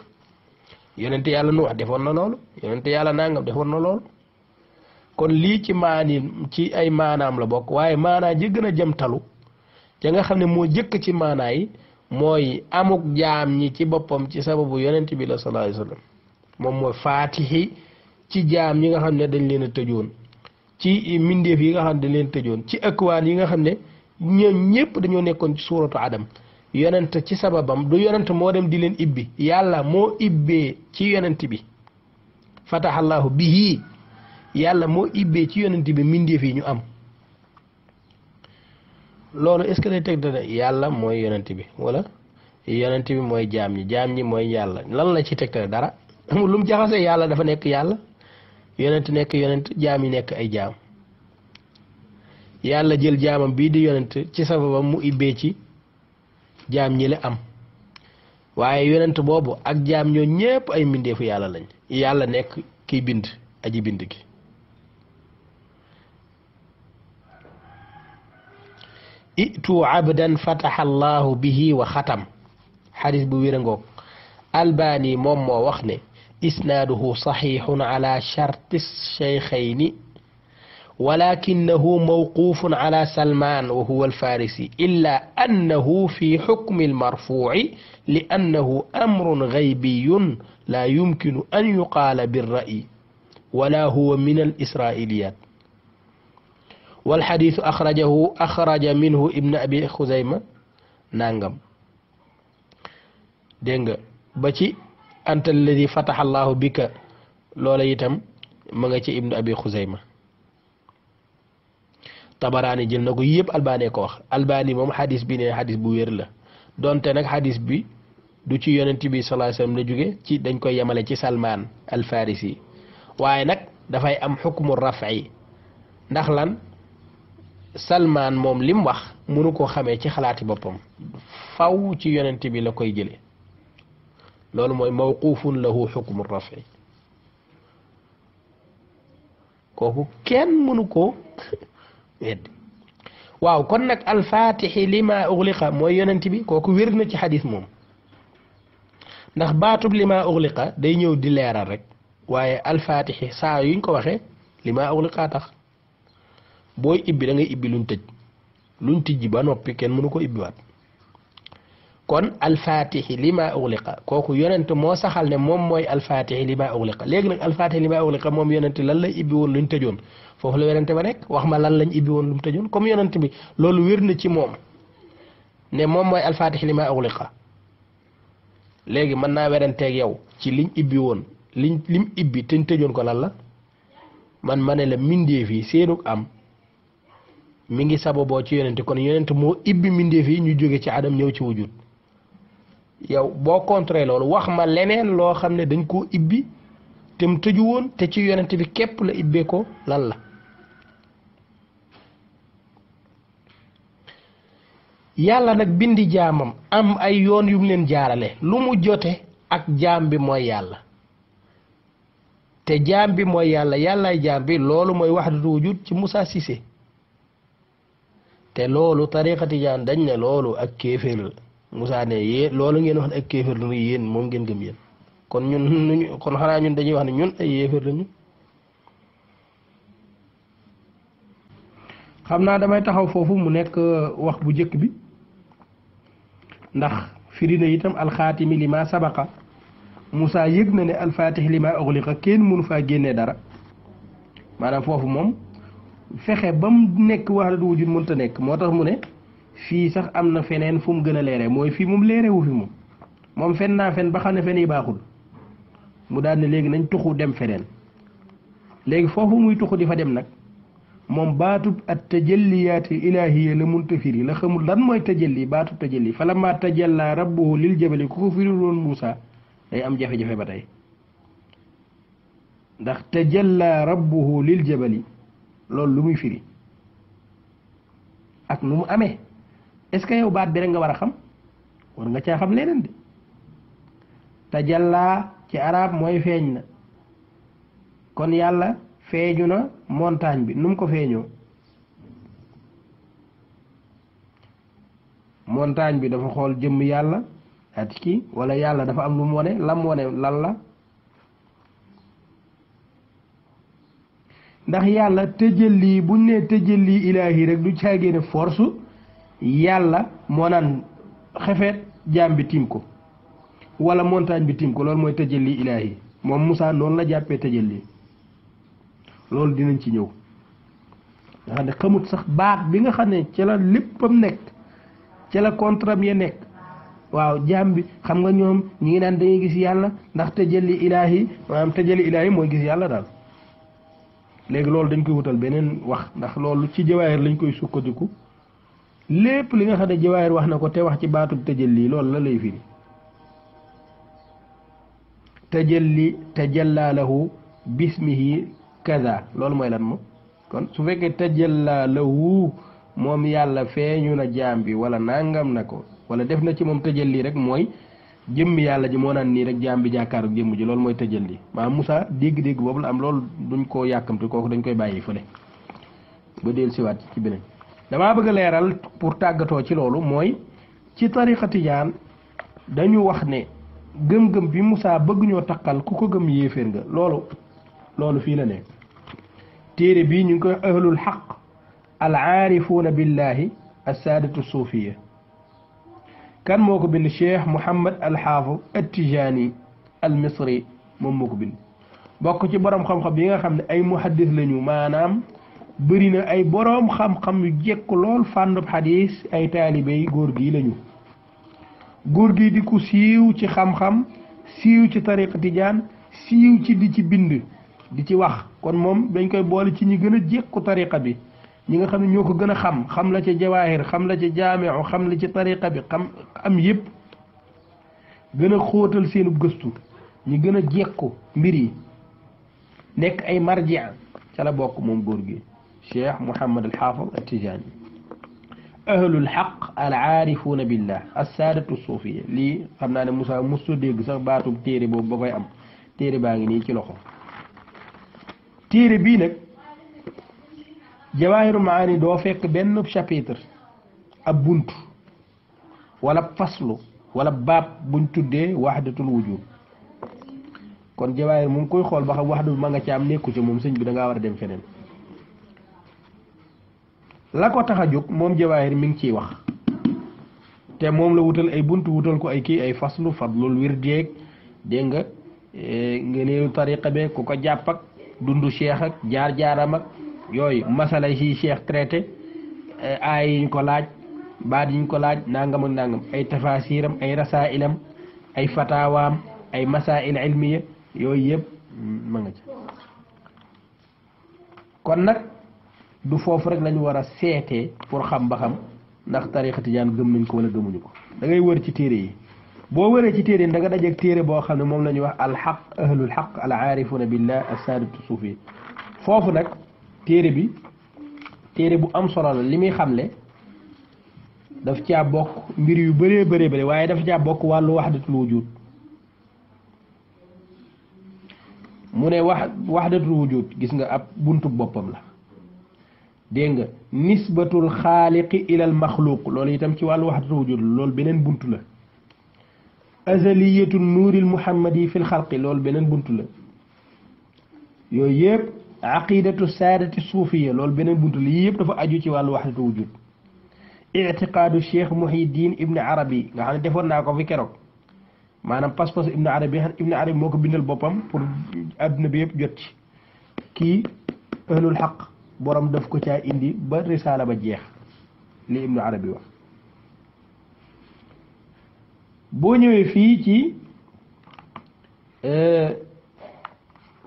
yonent yàlla nu wax defoon na loolu yonent yàlla nangam defoon na loolu kon lii ci maani ci ay maanaam la bokk waaye maanaa ji gën a jëm talu nga xam ne moo jëkk ci maanaa yi mooy amuk jaam ñi ci boppam ci sababu yonent bi la sallallahu alayhi moom mooy faatixi ci jaam ñi nga xam ne dañ leen a tëjoon ci mbindeef yi nga xam ne dañ leen tëjoon ci ëkkwaan yi nga xam ne ñoom ñëpp dañoo nekkoon ci suuratu adam yonent ci sababam du yonent moo dem di leen ibbi yàlla moo ibbee ci yonent bi fatahallahu bihi yàlla moo ibbee ci yonent bi mbindeef yi ñu am loolu est-ce teg dana yàlla mooy yonent bi wala yonent bi mooy jaam yi jaam yi mooy yàlla lan la ci tegtale dara amul lu mu jaxase yàlla dafa nekk yàlla yonent nekk yonent jaam yi nekk ay jaam yàlla jël jaamam bii di yonent ci sababam mu ibbee ci jaam ñi am waaye yonent boobu ak jaam ñoo ñépp ay mbindeefu yàlla lañ yàlla nekk kiy bind aji bind gi ائتوا عبدا فتح الله به وختم حديث بويرنغو الباني موم وخني اسناده صحيح على شرط الشيخين ولكنه موقوف على سلمان وهو الفارسي الا انه في حكم المرفوع لانه امر غيبي لا يمكن ان يقال بالراي ولا هو من الاسرائيليات والحديث أخرجه أخرج منه ابن أبي خزيمة nangam dégg nga أنت ci فتح الله بك allahu bika loola itam ma nga ci ibnu abi xuzayma tabaraani jël na ko yëpp albaani ko wax albaani moom xadis bi ne xadis bu wér la donte nag xadis bi du ci yonent bi salaa sallam la jóge ci dañ koy yemale ci salmaan alfarisi waaye nag dafay am xukmu rafi ndax lan Salman moom li wax mënu koo xamee ci xalaati boppam faw ci yonent bi la koy jële loolu mooy mawquufun lahu xukmu rafi kooku kenn mënu koo weddi waaw kon nag alfatixi lima ugliqa mooy yonent bi kooku wér na ci xadis moom ndax baatub lima ugliqa day ñëw di leeral rek waaye alfatixi saa yuñ ko waxee lima ugliqa tax booy ibbi da ngay ibbi luñ tëj luñ tijji ba noppi kenn mënu ko ibbiwaat kon alfatixi limaa ma kooku yonent moo saxaal ne moom mooy alfatixi li ma uxliqa léegi nag alfatixi li ma moom yonent lan lañ ibbi woon luñ tëjoon foofu la yonent ba nekk wax ma lan lañ ibbi woon lu mu tëjoon comme yonent bi loolu wér na ci moom ne moom mooy alfatixi li ma uxliqa léegi mën naa weranteeg yow ci liñ ibbi woon liñ lim ibbi te ko lan la man ma ne la mbindeef yi seenug am mi ngi sababoo ci yonent kon yonent moo ibbi mbindeef yi ñu jóge ci adam ñëw ci wujud yow boo contré loolu wax ma leneen loo xam ne dañ koo ibbi te mu tëju woon te ci yonent bi képp la ibbee ko lan la yàlla nag bindi jaamam am ay yoon yum leen jaarale lu mu jote ak jaam bi mooy yàlla te jaam bi mooy yàlla yàllaay jaam bi loolu mooy wax du ci Moussa Cissé te loolu tariqa tijaan dañ ne loolu ak kéeféer la Moussa ne yéen loolu ngeen wax ne ak kéeféer la yéen moom ngeen gëm yéen kon ñun nuñu kon xanaa ñun dañuy wax ne ñun ay yéeféer lañu xam naa damay taxaw foofu mu nekk euh, wax bu jëkk bi ndax firi na itam alxaatimi li sabaqa Moussa yëg na ne alfatih li ma uxliqa kenn mënu faa génne dara maanaam foofu moom fexe ba mu nekk waxdatu wujud mënta nekk moo tax mu ne fii sax am na feneen fu mu gën a leere mooy fii moom leere wu fi mu moom fen naa fen ba xam ne fen yi baaxul mu daal ne léegi nañ tuxu dem feneen léegi foofu muy tuxu di fa dem nag moom baatub at tajalliyaati ilaahiya la mun tafiri la xamul lan mooy tajalli baatub tajalli fa la ma tajallaa rabbuhu lil jabali ku ko firiroon Muusa day am jafe-jafe ba tey ndax tajallaa rabbuhu lil jabali loolu lu muy firi ak nu mu amee est-ce que yow baat bi rek nga war a xam war nga caa xam ne leneen de tajallaa ci arab mooy feeñ na kon yàlla feeñu na montagne bi nu mu ko feeñoo montagne bi dafa xool jëmm yàlla at ki wala yàlla dafa am lu mu wone lam wone lan la ndax yàlla tëjëlli buñ nee tëjëlli ilaahi rek du caagéene force yàlla moo naan xefet jaam bi tiim ko wala montagne bi tiim ko loolu mooy tëjëlli ilaahi moom musaa noonu la jàppee tëjëlli loolu dinañ ci ñëw nga xam ne xamut sax baat bi nga xam ne ca la léppam nekk ca la contram ya nekk waaw jaam bi xam nga ñoom ñi ngi naan dañuy gis yàlla ndax tëjëlli ilaahi maanaam tëjëlli ilaahi mooy gis yàlla daal léegi loolu dañ koy wutal beneen wax ndax loolu ci jawaayir lañ koy sukkandiku lépp li nga xam ne jawaayir wax na ko te wax ci baatub tajalli loolu la lay firi tajalli tajallaa lahu bismihi kaza loolu mooy lan moom kon su fekkee tajallaa moom yàlla feeñu na jaam bi wala nangam na ko wala def na ci moom tajalli rek mooy jëmm yàlla ji moo naan nii rek jaam bi jàkkaaru jëmm ji loolu mooy tëjal li maanaam Moussa dégg-dégg boobu la am loolu duñ koo yàkkamte kooku dañ koy bàyyi fële ba del siwaat ci beneen damaa bëgg a leeral pour tàggatoo ci loolu mooy ci tariqa tijaan dañu wax ne gëm-gëm bi Moussa bëgg ñoo taqal ku ko gëm yéeféer nga loolu loolu fii la ne téere bi ñu ngi koy ahlul xaq al aarifuuna billahi assaadatu suufiya kan moo ko bind cheikh Mouhamed Alxaafu Attijaani Almisri moom moo ko bind bokk ci boroom xam-xam yi nga xam ne ay muhaddis lañu maanaam bëri na ay boroom xam-xam yu jekk lool fànnub xadis ay taalibe góor gii lañu góor gi di ku siiw ci xam-xam siiw ci tariqa tijaan siiw ci di ci bind di ci wax kon moom dañ koy boole ci ñi gën a jekku tariqa bi. ñi nga xam ne ñoo ko gën a xam xam la ci jawaahir xam la ci jaamiu xam la ci tariqa bi xam am yëpp gën a xóotal seenub gëstu ñu gën a jekku mbir yi nekk ay marjia cala bokk moom góor gi cheikh mouhamad alxaafid attijaani ahlul xaq al aarifuuna billah assaadatu suufiya lii xam naa ne Moussa musta dégg sax baatu téere boobu ba koy am téere baa ngi nii ci loxo téere bii nag jawaahiru maani doo fekk benn chapitre ab bunt wala faslu wala baab buñ tuddee wax waxdatul wujud kon jawaahir mu ngi koy xool ba xam waxdu ma nga ci am nekku ci moom sëñ bi danga war a dem feneen la ko tax a jóg moom jawaahir mi ngi ciy wax te moom la wutal ay bunt wutal ko ay kii ay faslu fadlul wirdeeg dégg nga eh, nga néew tariqa be ku ko jàpp ak dundu cheikh ak jaar-jaaram ak yooyu masala yi cheikh traité eh, aay yiñ ko laaj baat yiñ ko laaj nangam ak nangam ay tafasiram ay rasailam ay fatawaam ay masail ilmiya yooyu yëpp ma nga ca kon nag du foofu rek lañu war a seetee pour xam ba xam ndax tariqa tijaan gëm nañ ko wala gëmuñu ko da ngay wër ci téere yi boo wëree ci téere yi da nga dajeeg téere boo xam ne moom la ñuy wax alxaq ahlul xaq al aarifuna billah as saadatu suufi foofu nag téré bi téré bu am solo la limi xamle daf caa bok mbir yu bëree bëree bëri waye daf caa bok walu wahdatul wujud mune wahdatul wujud gis nga ab buntu bopam la dégg nga nisbatul ila al makhluq lol itam ci walu wahdatul wujud lol benen buntu la azaliyatun nuril muhammadi fil khalqi lol benen buntu la yooyu yëpp عقيدة السادة الصوفية لول بن بنت ليب دفع أجو تي والو وجود اعتقاد الشيخ محي الدين ابن عربي نحن دفور ناكو في كروك ما نم پس پس ابن عربي هن ابن عربي موك بند البوبام پور ابن بيب جوت كي أهل الحق برام دفكو تا اندي بر بجيخ لي ابن عربي وح بونيو في تي اه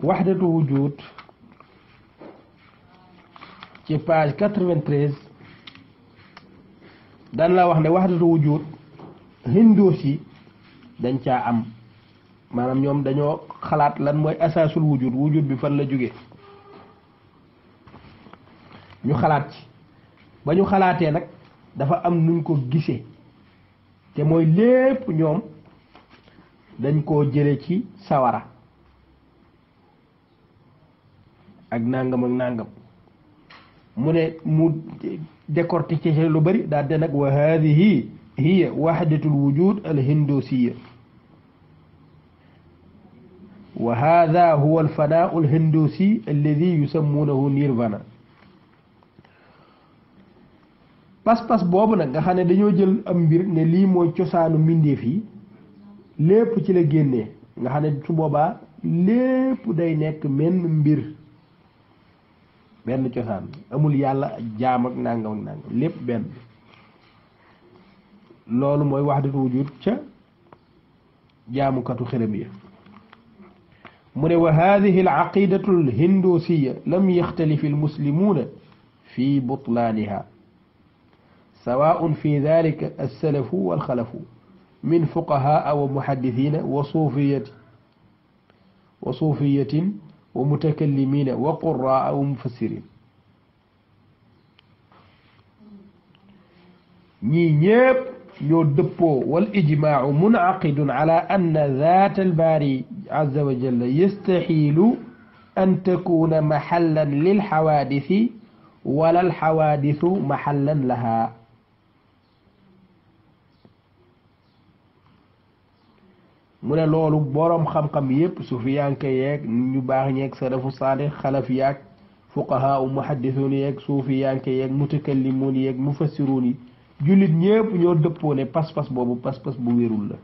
وحدة وجود ci page 93 dan la wax ne Hindu wujud dan yi dañ ca am manam ñom dañu xalaat lan moy asasul wujud wujud bi fan la jóge ñu xalaat ci ba ñu dafa am nuñ ko gisé té moy lépp ñom dañ ko jëlé ci sawara ak nangam ak nangam mu ne mu décortiqué lu bëri daal de nag wa haadihi hiya wujud al hindusiya wa haada huwa al fanaau al hindusi alladi yusammunahu nirvana pas-pas boobu nag nga xam ne dañoo jël am mbir ne lii mooy cosaanu mbindeef yi lépp ci la génne nga xam ne su booba lépp day nekk menn mbir benn cosaan amul yàlla ak jaam ak nangam ak nangam lépp benn loolu mooy waxdatu wujud ca jaamukatu xërëm yi mune wa hadhihi al aqidatu al hindusiyya lam yakhtalif al muslimuna fi butlaaniha سواء في ذلك السلف والخلف من فقهاء ومحدثين وصوفية وصوفية ومتكلمين وقراء ومفسرين ني نيب يدبو والإجماع منعقد على أن ذات الباري عز وجل يستحيل أن تكون محلا للحوادث ولا الحوادث محلا لها mu ne loolu boroom xam-xam yépp sufiyanke yeeg ñu baax ñeeg salafu saalix xalaf yaag fuqahaa u muhaddisuun yeeg suufiyanke yeeg mutakallimuun yeeg mufassiruun yi jullit ñépp ñoo dëppoo ne pas-pas boobu pas-pas bu wérul la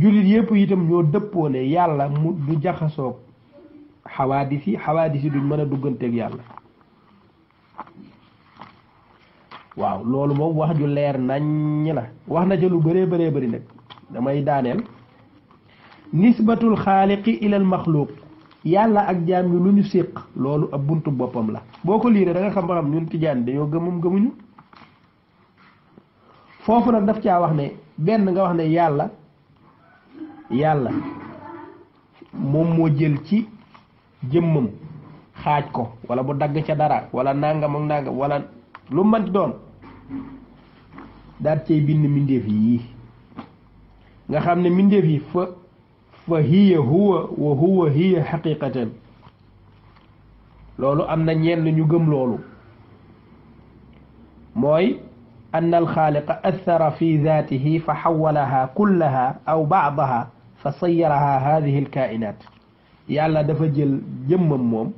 jullit yépp itam ñoo dëppoone ne yàlla mu du jaxasoog xawaadis yi xawaadis yi duñ mën a dugganteeg yàlla waaw loolu moom wax ju leer naññ la wax na ca lu bëree bëree bari nag damay daaneel nisbatul xaaliqi ilal maxluuq yàlla ak jaam ñi lu ñu séq loolu ab buntu boppam la boo ko liiree da xam ba xam ñun tijaan dañoo gëmum gëmuñu foofu nag daf caa wax ne benn nga wax ne yàlla yàlla moom moo jël ci jëmmam xaaj ko wala bu dagg ca dara wala nangam ak nangam wala lu mën doon daal cay bind mbindeef yii nga xam ne mbindeef yi fa fa hiya huwa wa huwa hiya xaqiqatan loolu am na ñenn ñu gëm loolu mooy أن الخالق أثر في ذاته فحولها كلها أو بعضها فصيرها هذه الكائنات يالا دا فا جيل جيمم موم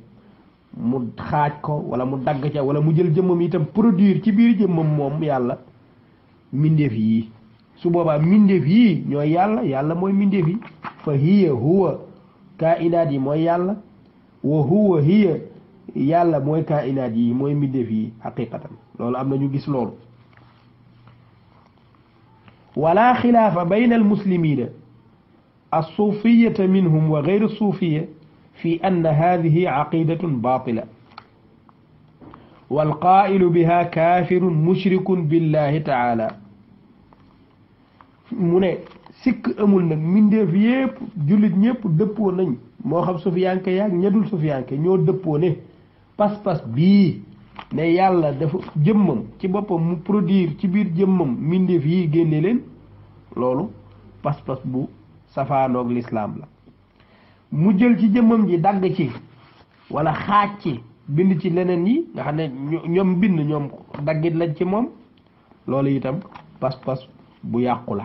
mu xaaj ko wala mu dagg ca wala mu jël jëmmam itam produire ci biir jëmmam moom yàlla mbindeef yii su boba mbindeef yii ñoy yàlla yàlla moy mbindeef yi fa hiya huwa kainaat yi mooy yàlla wa huwa hiya yàlla moy kainaat yi mooy mbindeef yi xaqiqatan loolu am ñu gis lolu ولا خلاف بين المسلمين الصوفية منهم وغير الصوفية في أن هذه عقيدة باطلة والقائل بها كافر مشرك بالله تعالى mu ne sikk amul nag mbindeef yépp jullit ñépp dëppoo nañ moo xam sufiyanke yaag ñedul sufiyanke ñoo dëppoo ne pas-pas bii ne yàlla dafa jëmmam ci boppam mu produire ci biir jëmmam mbindeef yi génne leen loolu pas-pas bu safaanoog lislaam la mu jël ci jëmmam ji dagg ci walla xaaj ci bind ci leneen yi nga xam ne ñoom bind ñoom daggit lañ ci moom loolu itam pas-pas bu yàqu la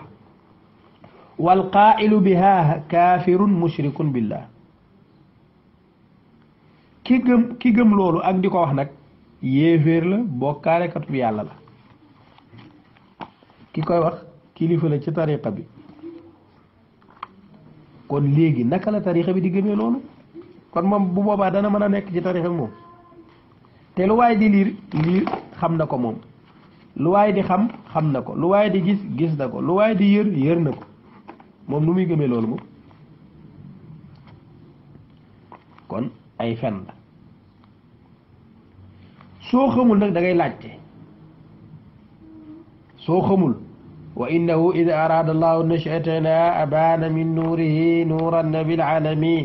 wal qaa'ilu biha kaafirun mushrikun billah ki gëm ki gëm loolu ak di ko wax nag yéeféer la bokkaalekatu yàlla la ki koy wax kilifa la ci tariqa bi kon léegi naka la tarixa bi di gëmee loolu kon moom bu boobaa dana mën a nekk ci tarixa bi moom te lu waaye di liir lii xam na ko moom lu waaye di xam xam na ko lu waaye di gis gis na ko lu waaye di yër yër na ko moom nu muy gëmee loolu moom kon ay fen la soo xamul nag da ngay laajte soo xamul wa innahu id araada allahu nashatana abaana min nuurihi nuuran nabil alami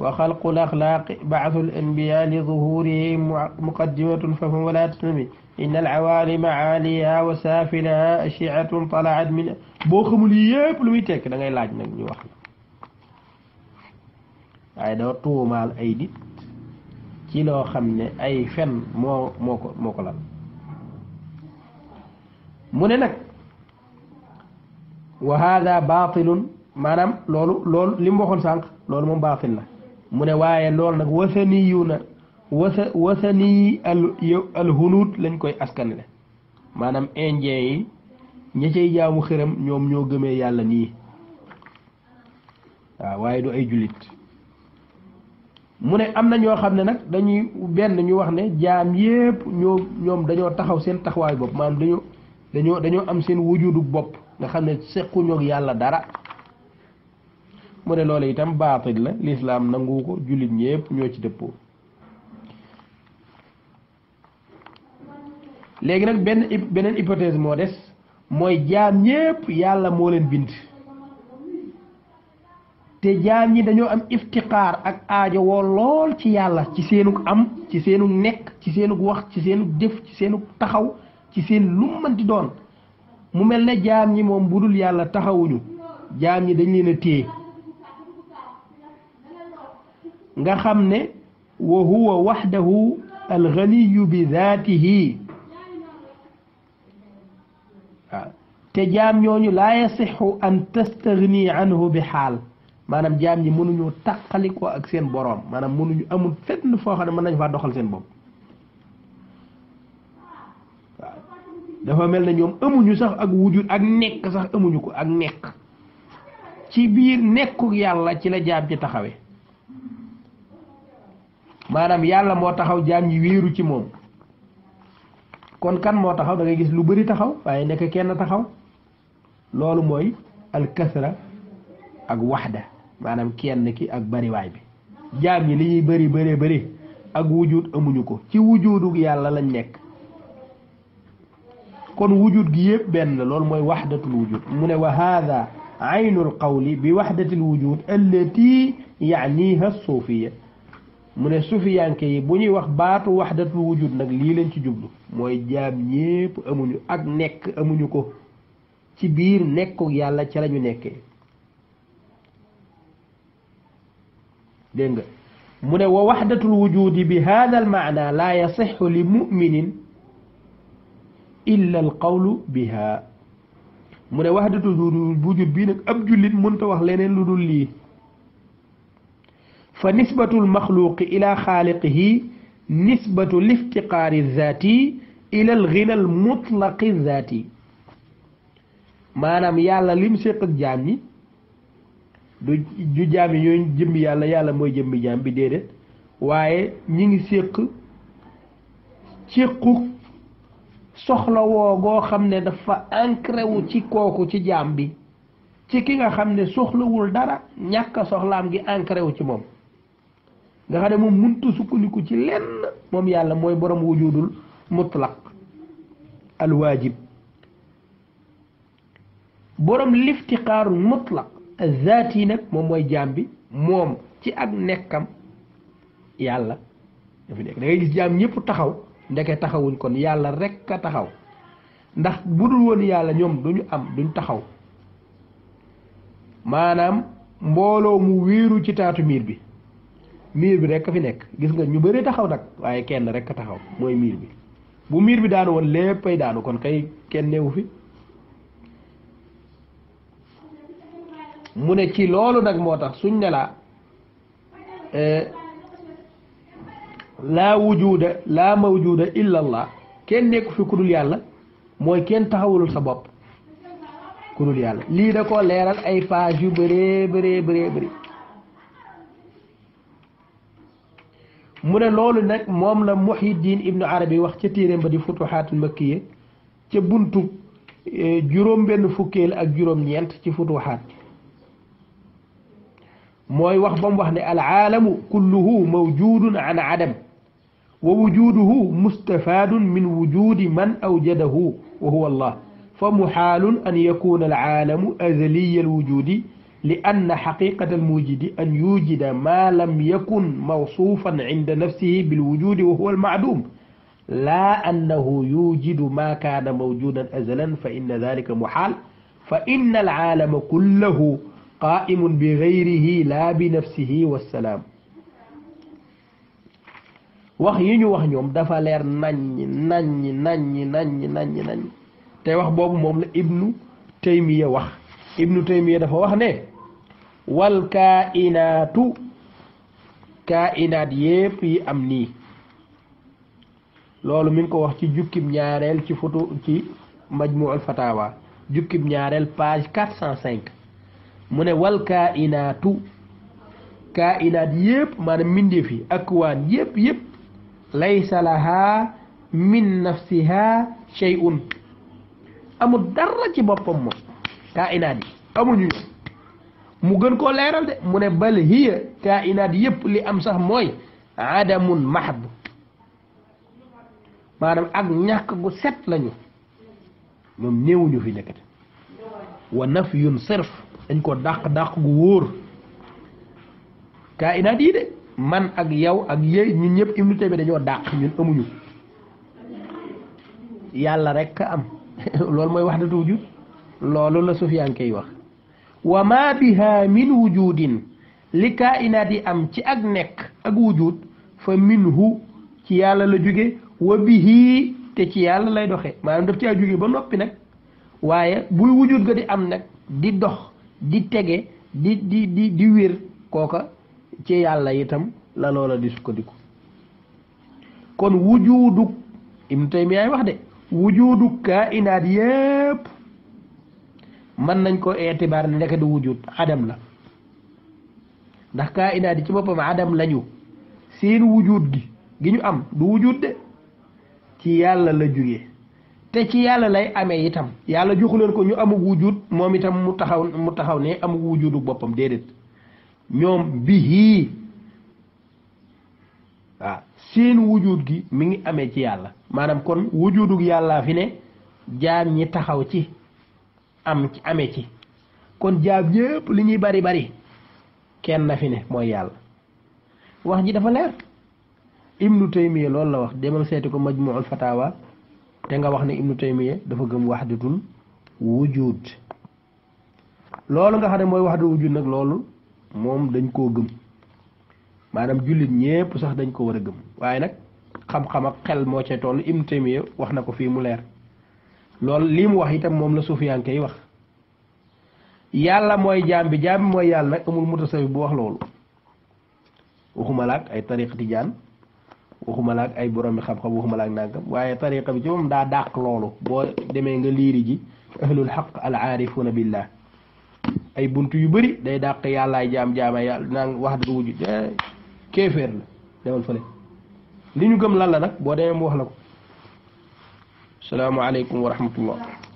wa xalqu l axlaaqi baasu l anbiya li zuhurihim muqaddimatun fa hum wala tanami إن العوالم عاليها وسافلها أشعة طلعت من boo xamul yépp lu muy tekk da ngay laaj nag ñu wax la waaye doo tuumaal ay nit ci loo xam ne ay fen moo moo ko moo ko mu ne nag wa hada baatilun maanaam loolu loolu li mu sànq loolu moom baatil la mu ne waaye loolu nag wasaniyuna wasa wasani al alhunuut lañ koy askanle maanaam indien yi ña cay jaamu xëram ñoom ñoo gëmee yàlla nii waaw waaye du ay jullit mu ne am na ñoo xam ne nag dañuy benn ñu wax ne jaam yépp ñoo ñoom dañoo taxaw seen taxawaayu bopp maanaam dañoo dañoo dañoo am seen wujudu bopp nga xam ne sequñoog yàlla dara mu ne loolu itam baatil la lislaam nangu ko jullit ñépp ñoo ci dëppoo léegi nag benn beneen hypothèse moo des mooy jaam ñépp yàlla moo leen bind te jaam ñi dañoo am iftiqaar ak aajo woo lool ci yàlla ci seenug am ci seenug nekk ci seenug wax ci seenug jëf ci seenug taxaw ci seen lu doon mu mel ne jaam ñi moom budul yàlla taxawuñu jaam yi dañ leen a téye nga xam ne wa huwa waxdahu alganiyu bi daatihi te jaam ñooñu laa yasixu an tastagni anhu bi xaal maanaam jaam yi mënuñu taqalikoo ak seen boroom maanaam mënuñu amul fenn ne mën nañ faa doxal seen bopp dafa mel ne ñoom amuñu sax ak wujud ak nekk sax amuñu ko ak nekk ci biir nekku yàlla ci la jaam ci taxawe maanaam yàlla moo taxaw jaam ñi wéeru ci moom kon kan mo taxaw da ngay gis lu bëri taxaw waye nek kenn taxaw lolu moy al kasra ak wahda manam kenn ki ak bari way bi jaam yi li ñi bëri bëree bëri ak wujud amuñu ko ci wujudu yàlla lañ nek kon wujud gi yeb ben lolu moy wahdatul wujud mune wa hadha aynul qawli bi waxdatil wujud allati yaaniha suufiya mu ne sufiyanke yi bu ñuy wax baatu waxdatul wujud nag lii lañ ci jublu mooy jaam ñépp amuñu ak nekk amuñu ko ci biir nekku yàlla ca lañu nekkee dégg nga mu ne wa waxdatul wujudi bi hada al maana laa yasixu li muminin illa al qawlu biha mu ne waxdatul wujud bii nag ab jullit mënta wax leneen lu dul lii fa nisbatul maxluuqi ila xaaliqihi nisbatu liftiqaari zaati ila al gina mutlaqi zaati maanaam yàlla lim séq ak jaam yi du du jaam yi ñooy jëmmi yàlla yàlla mooy jëmmi jaam bi déedéet waaye ñu ngi séq séqu soxla woo goo xam ne dafa ancré wu ci kooku ci jaam bi ci ki nga xam ne soxlawul dara ñàkk soxlaam gi ancré wu ci moom nga xam moom mëntu sukkandiku ci lenn moom yàlla mooy borom wujudul mutlaq alwaajib borom liftiqaarul mutlaq zaat yi nag moom mooy jaam bi moom ci ak nekkam yàlla dafa nekk da gis jaam ñëpp taxaw ndeke taxawuñ kon yàlla rekk a taxaw ndax bu dul woon yàlla ñoom duñu am duñ taxaw maanaam mbooloo mu wéeru ci taatu miir bi miir bi rek fi nekk gis nga ñu bëri taxaw nag waaye kenn rek ka taxaw mooy miir bi bu miir bi daanu woon léppay daanu kon kay kenn newu fi mu ne ci loolu nag moo tax suñ ne la eh, laa wujuda laa mawjuda illa allah kenn nekku fi kudul yàlla mooy kenn taxawulul sa bopp kudul yàlla lii da ko leeral ay phase yu bëree bëree bëree bëri mu ne loolu nag moom la Muhyiddin Ibnu Arabi wax ca téeréem ba di futuxaatul makkiye ca buntu e, juróom benn fukkeel ak juróom ñeent ci futuxaat mooy wax ba wax ne alaalamu kulluhu mawjudun an adam wa wujuduhu mustafaadun min wujudi man awjadahu wa huwa allah fa muxaalun an yakuna alaalamu azaliya alwujudi لأن حقيقة الموجد أن يوجد ما لم يكن موصوفا عند نفسه بالوجود وهو المعدوم لا أنه يوجد ما كان موجودا أزلا فإن ذلك محال فإن العالم كله قائم بغيره لا بنفسه والسلام wax وخ نيوم دا فا لير ناني ناني ناني ناني ناني ناني naññ وخ wax موم لا ابن تيميه وخ ابن تيميه دا فا وخ ne wal kainatu kainat yep yi am ni lolou mi ngi ko wax ci jukkim ñaarel ci photo ci majmuul fatawa jukkim ñaarel page 405 mune wal kainatu kainat yep man minde fi ak waan yep yep laysa laha min nafsiha shay'un amu dara ci bopam moom kainaat yi ñu mu gën koo leeral de mu ne bal hiya kainaat yëpp li am sax mooy adamun mahd maanaam ak ñàkk gu set lañu ñoom néewuñu fi nekkati wa nafyun sirf dañ ko dàq dàq gu wóor kainaat yi de man ak yow ak yéy ñun ñëpp Ibnu Taymiyya dañoo dàq ñun amuñu yàlla rek am loolu mooy wax da tuuju loolu la sufiyanke yi wax wa ma biha min wujudin li kainati am ci ak nekk ak wujud fa minhu ci yàlla la jóge wa bihi te ci yàlla lay doxee maanaam daf ci a jóge ba noppi nag waaye buy wujud ga di am nag di dox di tege di di di di wér kooka ci yàlla itam la loola di sukkandiku kon wujuduk ibnu taymiyaay wax de wujuduk kainaat yee mën nañ ko itibaar ne ndeke du wujud adam la ndax kainaat yi ci boppam adam lañu seen wujud gi gi ñu am du wujud de ci yàlla la jóge te ci yàlla lay amee itam yàlla joxu leen ko ñu amug wujud moom itam mu taxaw mu taxaw ne amug wujudu boppam déedéet ñoom bihi waaw seen wujud gi mi ngi amee ci yàlla maanaam kon wujudug yàlla fi ne jaam ñi taxaw ci am ci amee ci kon jaab yëpp li ñuy bari bari kenn na fi ne mooy yàlla wax ji dafa leer ibnu taymiya loolu la wax demal seeti ko majmuul fatawa te nga wax ne ibnu taymiya dafa gëm wax waxdatul wujud loolu nga xam ne mooy wax waxdatul wujud nag loolu moom dañ koo gëm maanaam jullit ñépp sax dañ ko war a gëm waaye nag xam-xam ak xel moo cay toll ibnu taymiya wax na ko fii mu leer lool lii mu wax itam moom la suufiyanke yi wax yàlla mooy jaam bi jaam bi mooy yàlla nag amul mutasawif bu wax loolu waxuma la ay tariqa tijaan waxuma la ay boromi xam-xam waxuma la ak waaye tariqa bi ci moom daa dàq loolu boo demee nga liiri ji ahlul xaq ay bunt yu bëri day dàq yàllaay jaam jaama yàlla naan wax dëgg wujj eh, kéeféer la demal fële li ñu gëm lan nag boo demee mu wax la ko السلام عليكم ورحمة الله